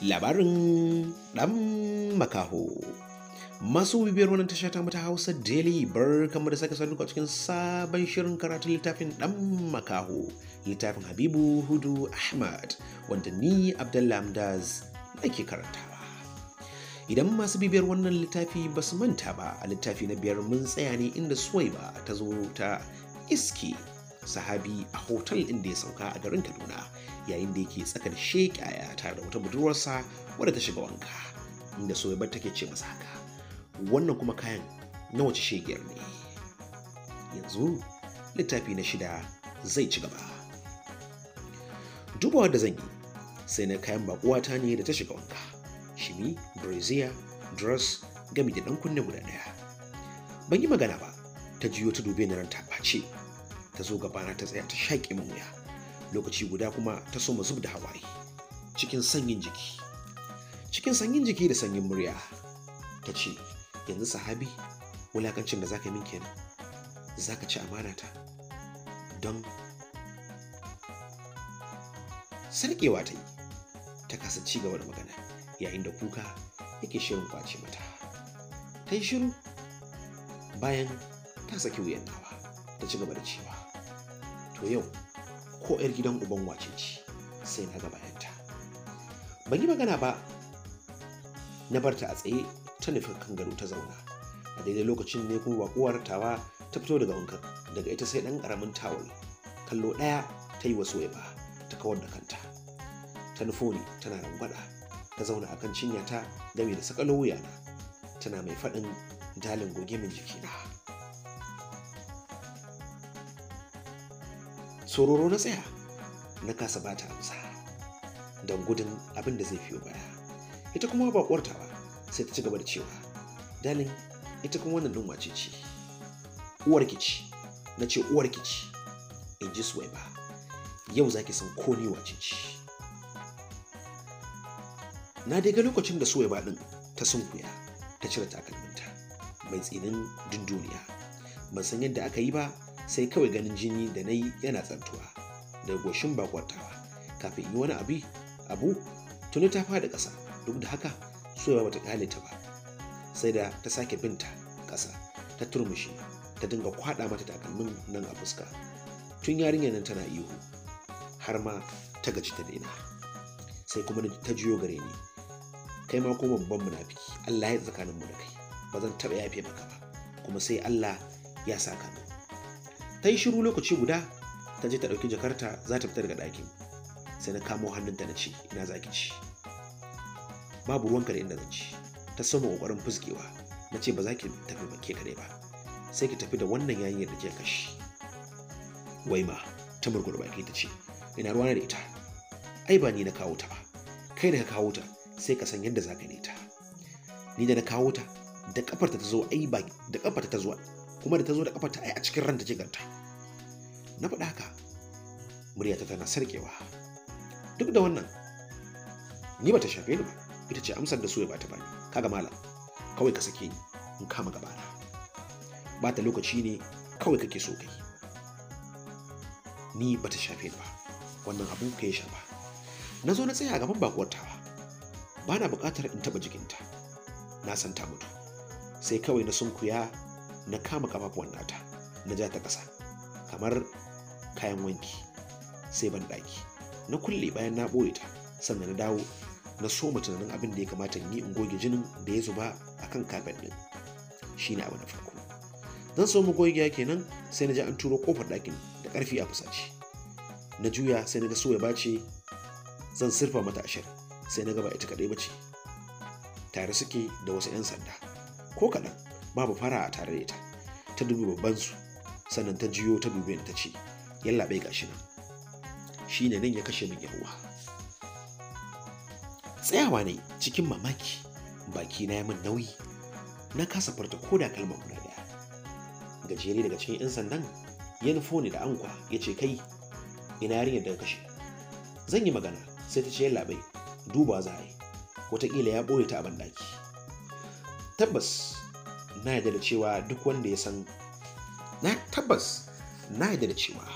labarin ɗan makaho masu bibiyar wannan tasha ta mata hausa daily bar kamar da saka a cikin sabon shirin karatun littafin ɗan makaho littafin habibu hudu ahmad wanda ni abdullah amdaz nake karantawa idan masu bibiyar wannan littafi ba su manta ba a littafi na biyar mun tsaya ne inda suwai ba ta zo ta iske sahabi a hotel ɗin da ya sauka a garin kaduna yayin da yake tsakar sheƙaya tare da wata budurwarsa wadda ta shiga wanka inda bar take ce masa haka wannan kuma kayan na wace shegiyar ne yanzu littafi na shida zai ci gaba dubawa da zan yi sai na kayan bakuwata ne da ta shiga wanka shimi brazia dress gami da ɗan kunne guda ɗaya ban yi magana ba ta juyo ta dube na ran ta ta zo gabana ta tsaya ta shaƙin min wuya lokaci guda kuma ta so mu zub da hawaye cikin sanyin jiki cikin sanyin jiki da sanyin murya ta ce yanzu sahabi wulakancin da za ka yi min kenan ka ci amana ta don sarkewa ta yi ta kasa ci gaba da magana yayin da kuka yake shirin kwace mata ta yi shiru bayan ta saki wuyan nawa ta ci gaba da cewa to yau ko 'yar gidan uban wace ce sai na ga bayanta ban yi magana ba na barta a tsaye ta nufin kan gado ta zauna a daidai lokacin ne kuma bakuwar tawa ta fito daga wankan daga ita sai ɗan karamin tawul kallo ɗaya ta yi wasu ba ta kawar da kanta ta nufo tana rangwada ta zauna akan cinyata game da sakalo wuyana tana mai faɗin dalin goge min jikina sororo na tsaya na kasa bata amsa don gudun abin da zai fiyo baya ita kuma ba kwarta ba sai ta ci gaba da cewa dalin ita kuma wannan din ce ce uwar kici na ce uwar kici in ji suwai ba yau zaki san ko ni wace ce na dai ga lokacin da suwai ba din ta sunkuya ta cire takalminta mai tsinin dunduniya ban san yadda aka yi ba sai kawai ganin jini da na yi yana tsantuwa da goshin bakwantawa kafin yi wani abi abu tuni ta fada ƙasa duk da haka soyawa bata kale ta ba sai da ta sake binta ƙasa ta turmushi ta dinga kwaɗa mata takalmin nan a fuska tun yarinyar nan tana ihu har ma ta gaji ta daina sai kuma ta jiyo gare ni kai ma kuma babban munafiki Allah ya tsakanin mu da kai ba zan taɓa yafe maka ba kuma sai Allah ya saka mu ta yi shiru lokaci guda ta je ta ɗauki jakarta za ta fita daga ɗakin sai na kamo hannunta na ce ina za ki ci babu ruwanka da inda zan ci ta sama ƙoƙarin fuskewa na ce ba za ki tafi ba ke kaɗai ba sai ki tafi da wannan yayin da ke kashi wai ma ta murgura baki ta ce ina ruwana da ita ai ba ni na kawo ta ba kai da ka kawo ta sai ka san yadda za ka ta ni da na kawo ta da kafarta ta zo ai ba da kafarta ta zo kuma da ta zo da ta ai a cikin ranta jigarta na faɗa haka muryata tana sarkewa duk da wannan ni ba ta shafe ni ba ita ce amsar da su ya bata bani kaga malam kawai ka sake ni in kama gaba na ta lokaci ne kawai kake so kai ni ba ta shafe ni ba wannan abu ka ya shafa na zo na tsaya a gaban bakuwar tawa ba na buƙatar in taɓa jikinta na san ta mutu sai kawai na sunkuya na kama kafafuwan nata na ja ta ƙasa kamar kayan wanki sai ban ɗaki na kulle bayan na ɓoye ta sannan na dawo na soma tunanin abin da ya kamata ni in goge jinin da ya zuba a kan kafet ɗin ne abu na farko zan so mu goge kenan sai na ji an turo kofar ɗakin da ƙarfi a fusace na juya sai na ga so ya bace zan surfa mata ashir sai na gaba ita kaɗai bace tare suke da wasu 'yan sanda ko kaɗan babu fara a tare da ita ta dubi babban su sannan ta jiyo ta dubi ta ce yalla bai gashi nan shi ne nan ya kashe min yawa tsayawa ne cikin mamaki baki na ya min nauyi na kasa farta ko da kalma guda daya gajere daga cikin yan sandan ya nufo ni da ankwa ya ce kai ina yarinyar daga kashe zan yi magana sai ta ce yalla duba za a yi wataƙila ya ɓoye ta a banɗaki tabbas na yarda da cewa duk wanda ya san na tabbas na yarda da cewa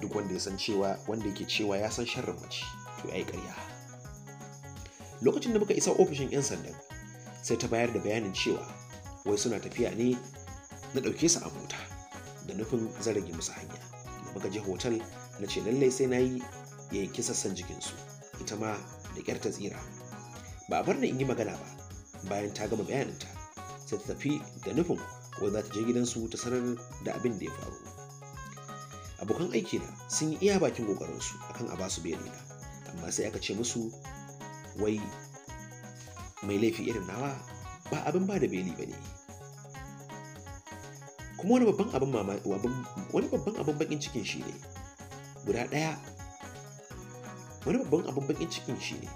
duk wanda ya san cewa wanda yake cewa ya san sharrin mace to ya yi ƙarya lokacin da muka isa ofishin 'yan sandan sai ta bayar da bayanin cewa wai suna tafiya ne na ɗauke su a mota da nufin zarage musu hanya da muka je hotel na ce lallai sai na yi ya yanki sassan jikinsu ita ma da ƙyar ta tsira ba a bar na in yi magana ba bayan ta gama bayaninta ta tafi da nufin ko za ta je gidansu ta sanar da abin da ya faru abokan aiki na sun yi iya bakin kokarinsu akan a basu beli na amma sai aka ce musu wai mai laifi irin nawa ba abin ba da beli ba ne kuma wani babban abin wani babban abin bakin cikin shi ne guda ɗaya wani babban abin bakin cikin shi ne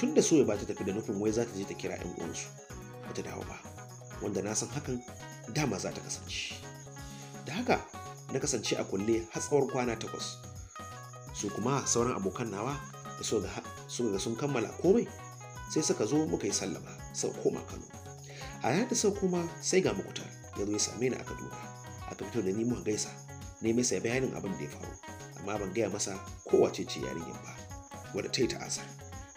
tun da so ba ta tafi da nufin wai za ta je ta kira 'yan uwansu ba ta dawo ba wanda na san hakan dama za ta kasance da haka na kasance a kulle har tsawon kwana takwas su kuma sauran abokan nawa da suka ga sun kammala komai sai suka zo muka yi sallama sau koma kano a yayin da sau koma sai ga makutar ya zo ya same ni a kaduna aka fito da ni muka gaisa ne mai sai bayanin abin da ya faru amma ban gaya masa kowace ce yarinyar ba wadda ta yi ta'asa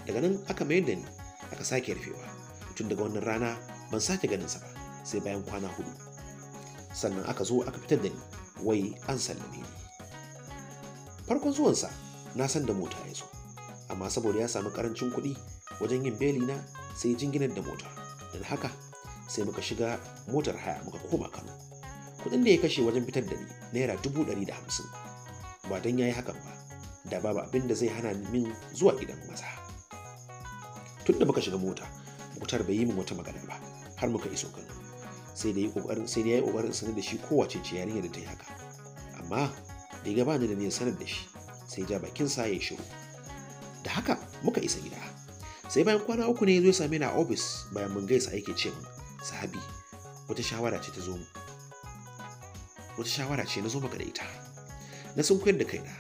daga nan aka mayar da ni aka sake rufewa tun daga wannan rana ban sake ganin sa ba sai bayan kwana hudu sannan aka zo aka fitar da ni wai an sallame ni farkon zuwansa na san da mota ya zo amma saboda ya samu karancin kuɗi wajen yin beli na sai jinginar da mota don haka sai muka shiga motar haya muka koma kano kuɗin da ya kashe wajen fitar da ni naira dubu ɗari da hamsin ba don ya yi hakan ba da babu abin da zai hana min zuwa gidan maza tun da muka shiga mota mutar bai yi min wata magana ba har muka iso kano sai da yi kokarin sai da kokarin sanar da shi kowace ce yarinya da ta yi haka amma da ya gabani da ne sanar da shi sai ja bakin sa ya shiru da haka muka isa gida sai bayan kwana uku ne ya zo ya same ni a ofis bayan mun gaisa aiki ce min sahabi wata shawara ce ta zo mu wata shawara ce na zo maka da ita na sun koyar da kaina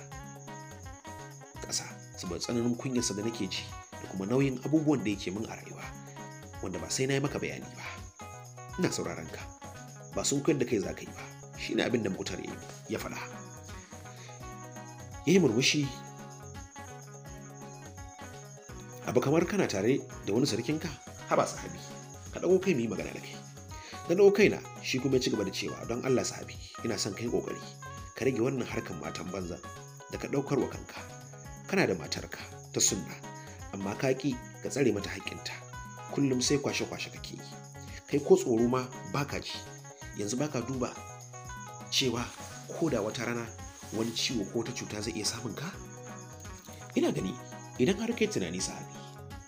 ƙasa saboda tsananin kunyarsa da nake ji da kuma nauyin abubuwan da yake min a rayuwa wanda ba sai na yi maka bayani ba ina sauraron ka ba sun koyar da kai za ka yi ba shi ne abin da motar ya faɗa ya yi murmushi abu kamar kana tare da wani sarkinka haba sahabi ka ɗago kai mu magana da kai na kai kaina shi kuma ci gaba da cewa don Allah sahabi ina son kai ƙoƙari, ka rage wannan harkar matan banza da ka ɗaukar wa kanka kana da matarka ta sunna amma ka ƙi ka tsare mata haƙƙinta kullum sai kwashe-kwashe kake yi kai ko tsoro ma baka ji yanzu baka duba cewa ko da wata rana wani ciwo ko ta cuta zai iya samun ka ina gani idan har kai tunani sahabi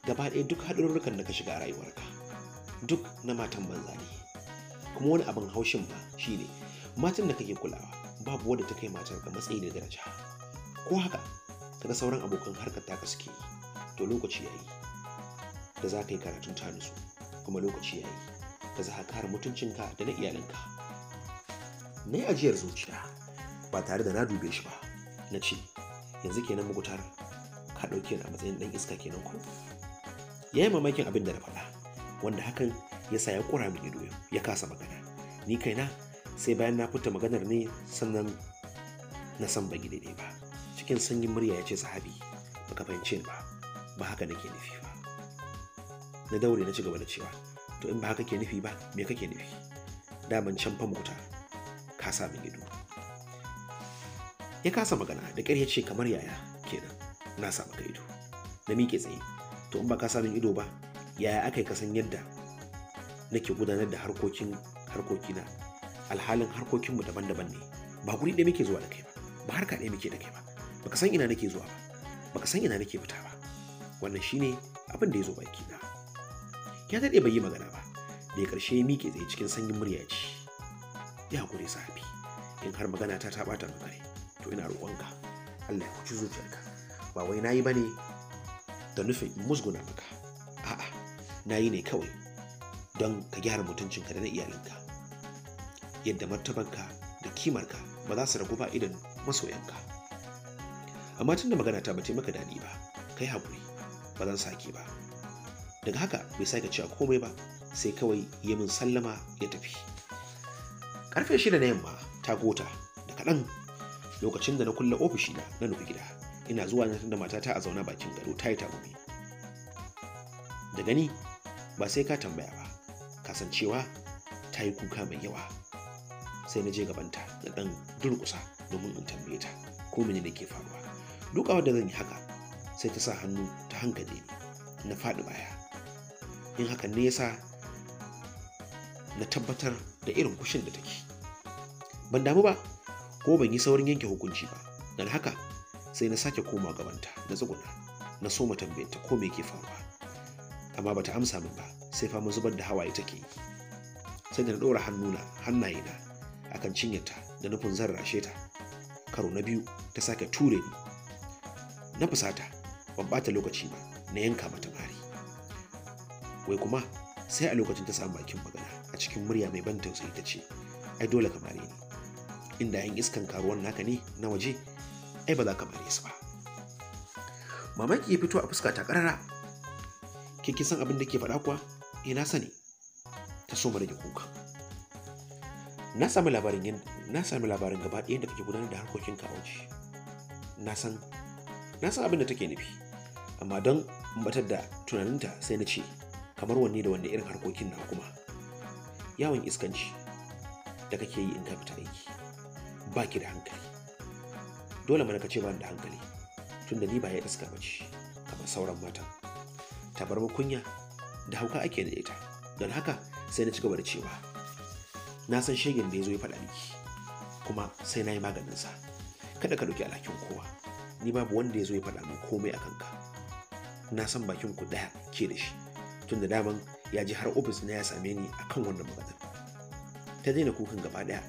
gaba ɗaya duk haɗurrukan da ka shiga rayuwarka duk na matan banza ne kuma wani abin haushin shi ne. matan da kake kulawa babu wadda ta kai matar ka matsayi da daraja ko haka kaga sauran abokan harkar taka suke yi to lokaci yayi da za ka yi karatun ta nutsu kuma lokaci yayi Ka za ka kare mutuncinka da na iyalinka na yi ajiyar zuciya ba tare da na dube shi ba na ce yanzu kenan mugutar ka ɗauke a matsayin ɗan iska kenan ku. ya yi mamakin abin da na faɗa wanda hakan ya sa ya ƙura min ido ya kasa magana ni kaina sai bayan na fita maganar ne sannan na san ba daidai ba cikin sanyin murya ya ce sahabi baka fahimce ni ba ba haka nake nufi ba na daure na ci gaba da cewa to in ba haka ke nufi ba me kake nufi daman can fa mota ka sa min ido ya kasa magana da ƙyar ya ce kamar yaya kenan na sa maka ido na miƙe tsaye to in ba ka sa min ido ba yaya aka yi kasan yadda nake gudanar da harkokin harkokina alhalin harkokinmu daban-daban ne ba guri ɗaya muke zuwa da kai ba ba harka ɗaya muke da kai ba baka san ina nake zuwa ba baka san ina nake fita ba wannan shine abin da ya zo baki na ya daɗe bai yi magana ba da ƙarshe ya miƙe tsaye cikin sanyin murya ce ya haƙuri safi in har magana ta ta ɓata maka to ina roƙonka Allah ya kuci zuciyarka ba wai na yi nayi bane da nufin musguna maka a'a na yi ne kawai don ka gyara mutuncinka da na iyalinka yadda martabanka da kimarka ba za su ragu ba idan masoyanka amma tun da magana ta ba maka daɗi ba kai haƙuri ba zan sake ba daga haka bai sake cewa komai ba sai kawai ya min sallama ya tafi karfe shida na yamma ta gota da kaɗan lokacin da na kulle ofishi na na nufi gida ina zuwa na da matata a zauna bakin gado ta yi tagumi da gani ba sai ka tambaya ba kasancewa ta yi kuka mai yawa sai na je gabanta na ɗan durkusa domin in tambaye ta ko mene ne ke faruwa dukawa da zan yi haka sai ta sa hannu ta hankali na faɗi baya in haka ne yasa na tabbatar da irin kushin da take ban damu ba ko ban yi saurin yanke hukunci ba don haka sai na sake koma gabanta na tsuguna na so soma tambayinta ko mai ke faruwa amma bata amsa min ba sai fama zubar da hawaye take yi sai da na ɗora hannuna hannayena akan cinyarta da nufin zan rashe ta karo na biyu ta sake ture ni na fusata ban ɓata lokaci ba na yanka mata mari wai kuma sai a lokacin ta samu bakin magana a cikin murya mai ban tausayi ta ce ai dole ka mare ni inda yan iskan karuwan naka ne na waje ai ba za ka mare su ba mamaki ya fito a fuska ta karara ke kin san abin da ke faɗa kuwa ina eh, sani ta so mara kuka na sami labarin na sami labarin gaba ɗaya da kake gudanar da harkokin ka waje na san na san abin da take nufi amma don batar da tunaninta sai na ce kamar wanne da wanne irin harkokin na kuma yawon iskanci da kake yi in ka fita aiki ba ki da hankali dole mana ka ce ba da hankali tun da ni ba ya iska bace kamar sauran mata tabar kunya da hauka ake da ita don haka sai na ci gaba da cewa na san shegen da ya zo ya faɗa miki kuma sai na yi maganin sa kada ka ɗauki alhakin kowa ni babu wanda ya zo ya faɗa min komai a kanka na san bakin ku ɗaya ke da shi tun da daman ya ji har ofis na ya same ni a kan wannan magana ta daina kukan gaba ɗaya.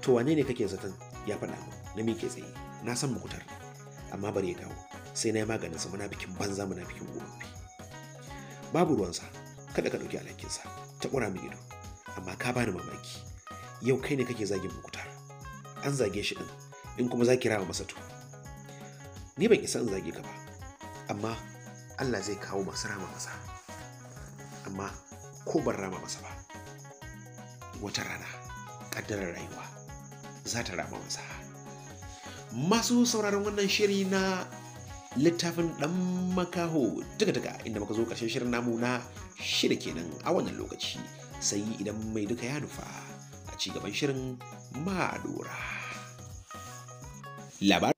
to wane ne kake zaton ya faɗa na mike tsaye na san mukutar amma bari ya dawo sai na yi maganin sa muna bikin banza muna bikin gobe babu ruwansa kada ka ɗauki alhakinsa ta ƙura min ido amma ka bani mamaki yau kai ne kake zagin mukutar an zage shi ɗin in kuma za ki rawa masa to ni ban isa in zage ka ba amma Allah zai kawo masu rama masa amma ko ban rama masa ba wata rana ƙaddarar rayuwa za ta rama masa masu sauraron wannan shiri na littafin ɗan makaho duka daga inda muka zo ƙarshen shirin namu na shida kenan a wannan lokaci sai idan mai duka ya nufa a ci gaban shirin ma labar